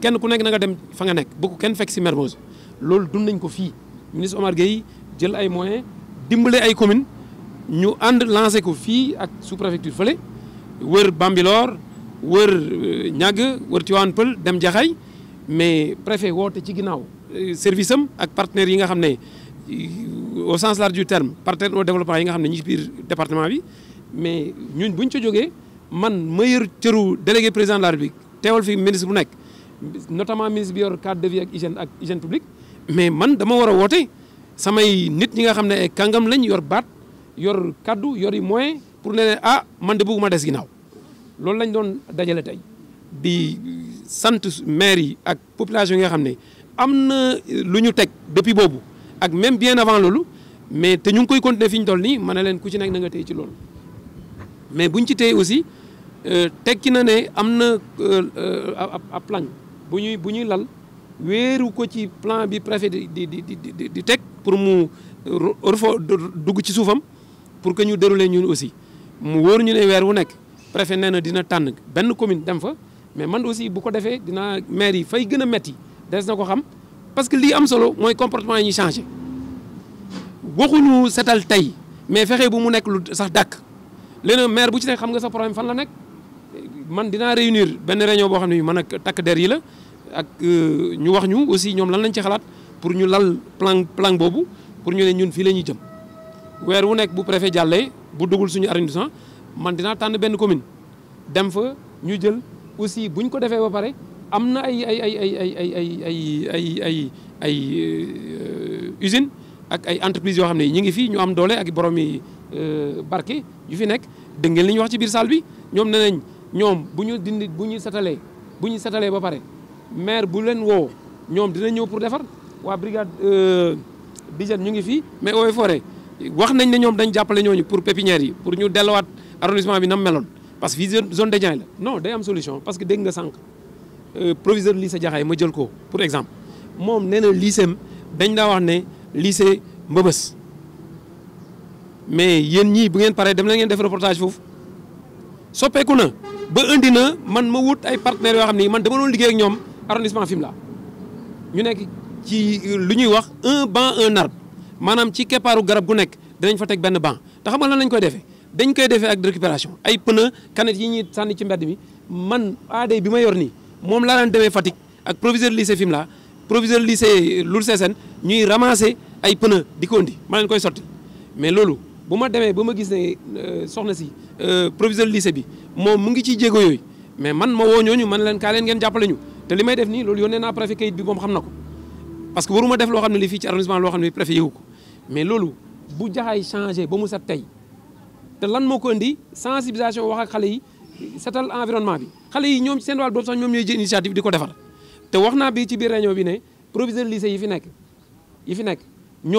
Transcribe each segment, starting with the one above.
kenn ku nekk na nga dem fa nga nekk kenn nañ ko ministre Omar jël ay moyens ay communes ñu ko ak sous-préfecture fële wër Bambilor wër euh, wër dem mais préfet ci euh, service ak partenaires euh, au sens large du terme partenaire au développement yi département mais ñun avons ca jógee man délégué président de la République fi ministre bu notamment ministre bi yor cadre de vie ak hygiène ak mais man dama war a woote samay nit ñi nga xam ne ay kàngam lañ yor baat yor kaddu yor yi moyen pour ne leen ah man de bëgguma des ginnaaw loolu lañ doon dajale tey di sant maire yi ak population yi nga xam ne am na lu ñu teg depuis boobu ak même bien avant loolu mais te ñu ngi koy continuer fi ñu toll nii man ne leen ku ci nekk na nga téye ci loolu mais buñ ci téye aussi euh, ki na ne am na euh, euh, ab plan bu ñuy lal wéru ko ci plan bi préfet di di di di di teg pour mu euh, refo dugg ci soufam pour que ñu déroulé ñun aussi mu wor ñu ne weer wu nekk préfet néna na dina tan ben commune dem fa mais man aussi bu ko défé dina maire yi fay gëna metti des na ko xam parce que li am solo moy comportement ñi changer waxu ñu sétal tay mais fexé bu mu nek lu sax dak léegi maire bu ci nekk xam nga sa problème fan la nek man dinaa réunir benn réunion boo xam ne man ak takk der yi la ak ñu wax ñu aussi ñoom lan lañ ci xalaat pour ñu lal plan plan boobu pour ñu ne ñun fii la ñuy jëm weer wu nekk bu préfet jàllee bu dugul suñu arrondissement man dinaa tànn benn commune dem fa ñu jël aussi buñ ko defee ba pare am na ay ay ay ay ay ay ay ay ay ay usine ak ay entreprise yoo xam ne ñi ngi fii ñu am doole ak boromi barke yu fi nekk dégg ngeen li ñu wax ci biir salle bi ñoom nee nañ ñom buñu ñu dindi bu ñu satalee bu ba paré maire bu len wo ñom dina ñëw pour defar wa brigade euh d'hygiène ñu ngi fi mais Eaux foré wax nañ né ñom dañ jappalé ñooñu pour pépinière yi pour ñu delluwaat arrondissement bi nam meloon parce que fii zone de Diagne la non day am solution parce que dégg nga euh proviseur lycée Jaxaay ma jël ko pour exemple mom néna lycée dañ da wax né lycée Mbëbës mais yeen ñi bu ngeen paré dem la ngeen def reportage foofu soppeeku na ba indi na man ma wut ay partenaires yoo xam ni man dama doon liggéey ak ñoom arrondissement Fimela ñu nekk ci lu ñuy wax un banc un arbre maanaam ci keppaaru garab gu nekk dinañ fa teg benn banc te xam nga lan lañ koy defee dañ koy defee ak récupération ay pneu canette yi ñuy sànni ci mbedd mi man aaday bi ma yor nii moom laa daan demee Fatick ak proviseur lycée Fimela proviseur lycée Loul Sessène ñuy ramasser ay pneu di ko indi ma leen koy sotti mais loolu bu ma demee ba gis professeur soxna si euh, proviseur lycée bi mom mu ngi ci djégo yoy mais man ma man leen ka leen ngeen ñu def préfet kayit parce que waruma def lo xam li ci arrondissement mais loolu bu jaxay changé ba mu sa lan sensibilisation wax ak yi environnement bi xalé yi sax initiative di ko te bi ci réunion bi né proviseur lycée yi fi yi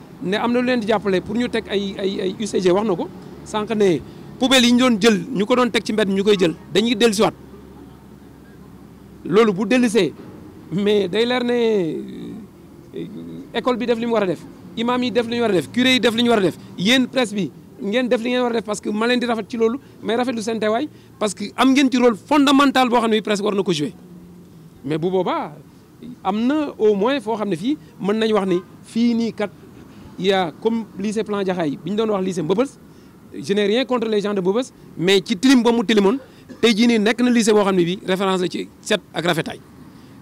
ne am na lu leen di jàppale pour ñu teg ay ay ay UCG wax na ko sànq ne poubelle yi ñu doon jël ñu ko doon teg ci mbedd ñu koy jël dañuy dellusiwaat loolu bu dellusee mais day leer ne école bi def li mu war a def imam yi def li ñu war a def curé yi def li ñu war a def yéen presse bi ngeen def li ngeen war a def parce que ma leen di rafet ci loolu mais rafetlu seen teewaay parce que am ngeen ci rôle fondamental boo xam ne presse war na ko jouer mais bu boobaa am na au moins foo xam ne fii mën nañ wax ni fii nii kat. il y a comme lycée Plan Jaxaay biñ ñu doon wax lycée Mbëbës je n'ai rien contre les gens de Mbëbës mais ci trim ba mu tilimoon tey ni nek na lycée bo xamni bi référence la ci set ak rafetaay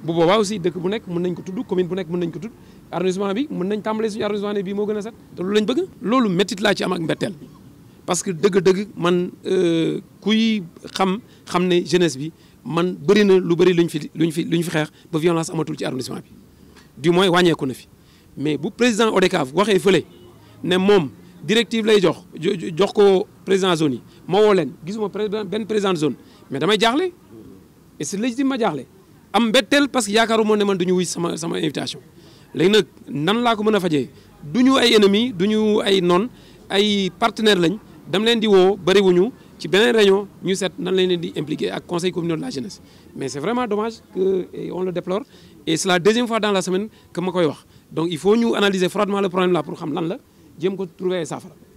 bu boba aussi deuk bu nek mën nañ ko tuddu commune bu nek mën nañ ko tuddu arrondissement bi mën nañ tambalé suñu arrondissement bi mo moo set te loolu lañ bëgg lolu méttit la ci am ak mbettel parce que deug deug man euh kuy xam xamné jeunesse bi man bari na lu bari luñ fi luñ fi luñ fi xex ba violence amatul ci arrondissement bi du moins wàññeeku na fi mais bu président ODCAV waxé feulé né mom directive lay jox jox ko président zone mo ma woo président gisuma président zone mais damay jaxlé et c'est légitime ma jaxlé am mbetteel parce que yaakaaru moo ne man du wuy sama sama invitation léegi nak nan la ko mën a duñu du ay ennemi du ay non, ay partenaires lañ dam leen di bari wuñu ci beneen réunion ñu set nan lañ leen di impliqué ak conseil Communautaire de la jeunesse mais c'est vraiment dommage que on le déplore et c'est la deuxième fois dans la semaine que ma koy wax donc il faut nous analyser froidement le problème là pour xam lan la jéem Pour trouver ça.